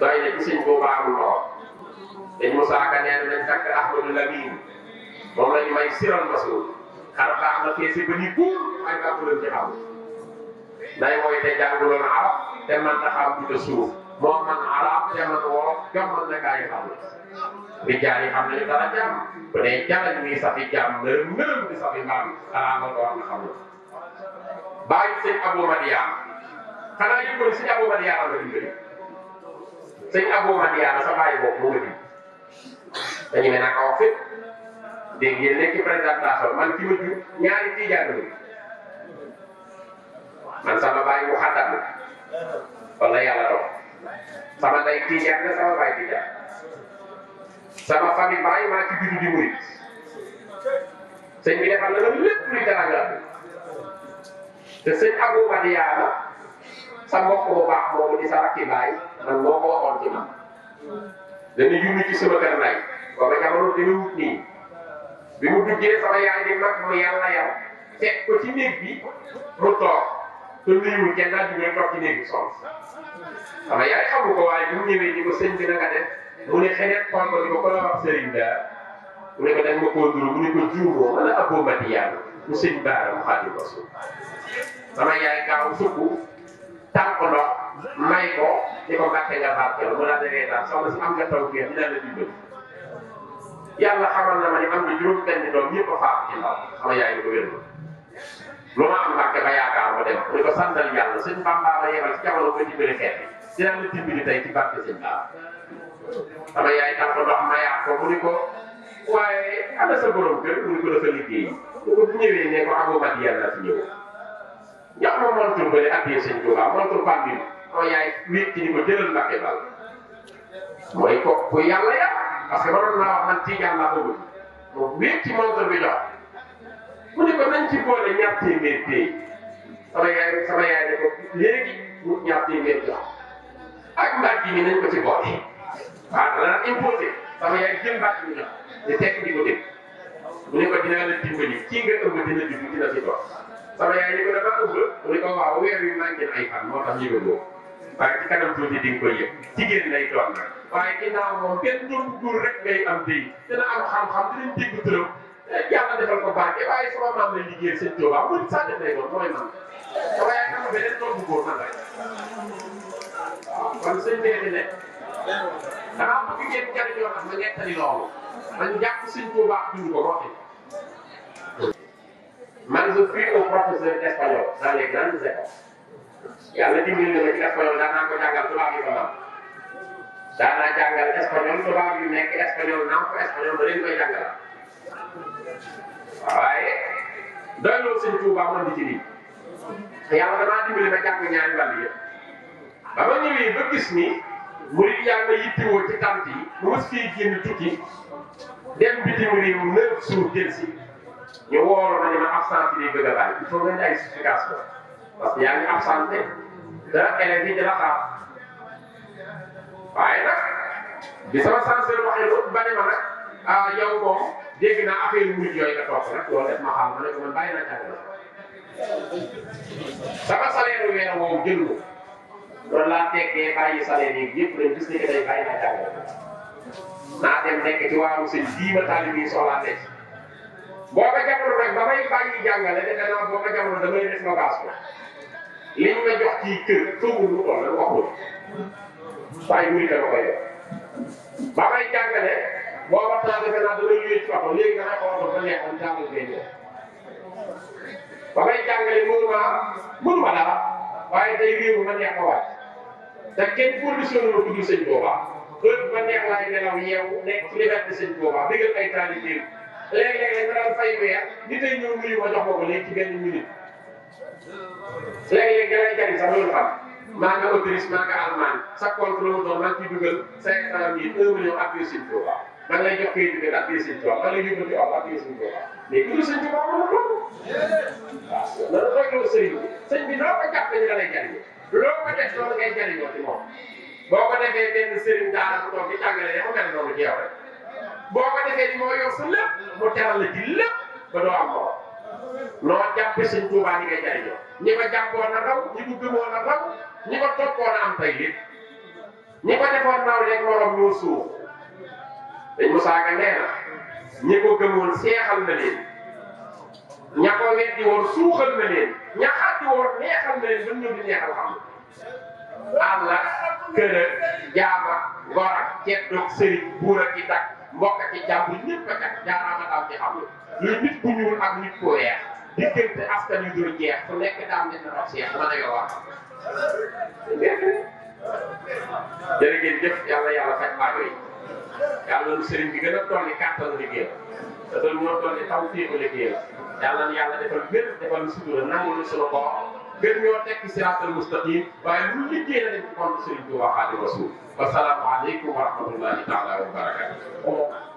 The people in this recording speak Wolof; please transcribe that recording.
doy na ci sëñ Tuubaa bu lool dañ Musaa Ka nee nañ Lamin moom lañ may siral masul xar baax na feese ba ni buur ay bàqaloon ci xam day woy te jànguloon arab te man taxaw bi te suuf moom man arab te man wolof gammal na gaa yi xam ne rijaal yi xam nañu dara jàmm bu dee jàllale muy safi jàmm nërëm nërëm di safi mbaam xanaa na xam ne bàyyi sëñ Abou Madiane xanaa yëngu si Abou Madiane sëñ Abou Madiana sa bàyyi boobu mu ngi fi dañu ne naa ko wax fépp dégg ngeen nekk ci présentation man ci ma jur ñaari tijaan bi man sama bàyyi mu xàttan la wala yàlla doon sama day tijaan la sama bàyyi tijaan sama famille bàyyi maa ci juddu di murit sëñ bi defal na la lépp luy dara te sëñ Abou Madiana sa mbokk bu baax moomu di sa rakki bàyyi man moo ko waxoon ci man dana yunni ci sama kër nay ba ma jamono dana wut nii bi mu duggee yaay di mag mu yàlla yàlla teg ko ci néeg bi mu toog te nuyu kenn daal di ñëw toog ci néeg bi sol sama yaay xamu ko waaye bi mu ñëwee ni ko sëñ bi na nga def mu ko ko ko la wax sëriñ daal mu ne ma ko nduru mu ne ko juumoo wala aboo mati reetaan soxna si am nga taw bi dinaa la dimbali yàlla xamal na ma ne am nga juróom benn doom ñëpp a faatu ci ndaw sama yaay bi ko wér lu ma am mbàkke ba yaakaar ma dem mu ne ko santal yàlla sëñ Bamba ba yebal ci jamono ba dimbali xeet bi dinaa la dimbali tey ci barke sëñ Bamba sama yaay tax ko ndox ma yaat ko mu ne ko waaye ana sa borom kër mu ne ko dafa liggéey mu ko bu ñëwee ne ko amoo mat yàlla fi ñëw ñax ma montul ba ne addiyee sëñ Tuubaa montul bambi moo yaay wéet ci ni ko jëlal mbàkke bal mooy ko ku yàlla ya parce que waroon naa wax man tiijaan laa bëgg moom wéet ci montre bi jox mu ne ko nañ ci boole ñaar téeméer tey sama yaay sama yaay ne ko léegi mu ñaar téeméer jox ak mbaaj gi nañ ko ci boole waaw dana naan imposé sama yaay jël mbaaj bi jox di tekk di ko dégg mu ne ko dina la dimbali kii nga ëmb dina dugg dina ci dox sama yaay ne ko dafa ëmb mu ne ko waaw weer yu manqué ay fan moo tax ñu waaye ci kanam tuuti di nga koy yëg jigéen lay doon nag waaye ginnaaw moom kenn doon góor rek ngay am tey dina am xam-xam dinañ dégg turam yàlla defal ko barke waaye sama maam lay liggéey seen Tuubaa mu nit sax def lay doon mooy man waaye am na beneen doom bu góor man rek waaw kon sëñ Ndeye ne damaa bëgg ngeen jariñoo tax ma nettali loolu man jàpp sëñ Tuubaa dund ko waxi man je suis un professeur d'espagnol dans les grandes écoles yàlla dimbali na ma ci espagnol daan naa ko jàngal tubaab yi ko mën daan naa jàngal espagnol tubaab yu nekk espagnol naa ko espagnol ba leen koy jàngal waaye doy loolu sëñ Tuubaa man di ci lii yàlla damaa dimbali ma jàng ñaari wàll yëpp ba ma ñëwee ba gis ni murid yàlla yittewoo ci tant yi mu mës fii génn tukki dem bitim réew neuf jours delsi ñu woolu ma ne ma absence yi day bëgg a bàyyi il faut nga ñu ay justification parce que yaa ngi te élèves yi dina xaar waaye bi sama censeur waxee loolu ba ne ma nag ah yow moom dégg naa affaire yu mujj yooyu nga toog nag loolu def ma xam ma ne ko man bàyyi naa jàng sama salaire yu weer woowu jël ko loolu laa teggee bàyyi salaire yi yëpp dañ gis ne que day bàyyi naa jàng naa dem nekk ci waaru sëñ bii ma taalibe yi soxlaa boo ko jamono nag ba may bàyyi jàngale defe naa boo ko jamono damay des ma baas ko liñ ma jox ci kër tëbul lu toll waxul waaye muy dama koy def ba may jàngale boo ko tax defe naa damay yëy ci waxu léegi dana ko waxoon ba neexal jàngal bee ñëw ba may jàngale mënuma mënuma dara waaye day réew ma neex ko waat te kenn condition la ko dul sëñ booba heure ba neex laay nelaw yeewu nekk ci liberté sëñ booba digal ay taalibe léeg-léeg nga daan fay weer nit ay ñëw nuyu ma jox ma ko léegi ci benn minute léeg-léeg nga lay jëriñ sax loolu fan maa nga Autriche maa nga Allemagne sa compte la mu doon maa ngi ciy dugal cinq cent mille un million appuyé Sëñ Tuuba maa ngi lay jox kayit bi nga appuyé Sëñ Tuuba maa ngi lay yóbbu ci wax appuyé Sëñ Tuuba mais kii Sëñ Tuuba amul ko. waaw loolu rek la sëñ bi sëñ bi noo ko jàpp dañu la lay jëriñoo loo ko def loolu ngay jëriñoo ci moom boo ko defee benn sëriñ daara bu toog di tàngale dafa mel noonu ci yow rek boo ko defee ni moo yor sa lépp la ji lépp doo am noo jàppee sëñ Tuubaa ni ngay jariñoo ñi ko jàppoon a raw ñi ko gëmoon a raw ñi ko toppoon a am tey lépp ñi ko defoon naaw leeg morom ñoo suuf dañ Musaa Ka nee na ñi ko gëmoon seexal na leen ña ko weddi woon suuxal na leen ña neexal na leen ba ñëw di neexal xam àlla kër jaama ngor ak ceddoog sëriñ buur mbokk ak i jàmbur ñëpp a kat jaaraama daal di am luy nit ku ñuul ak nit ku weex diggante askan wi dul jeex ku nekk daam nekk na seex mën a yowaa. Ah. jërëjëf yàlla yàlla faj baago yi yàlla lu sëriñ bi gën a dolli kàttan liggéeyam te doon moo dolli taw téema liggéeyam yàlla na yàlla defal wér defal ñu sutura nangu ñu sunu koor gën ñoo teg ci siraatal mustaqim waaye lu liggéey na dañ ci compte Serigne Touba Xaadimu Rasuul wa salaamu aleykum wa rahmatullahi taala wa barakatuh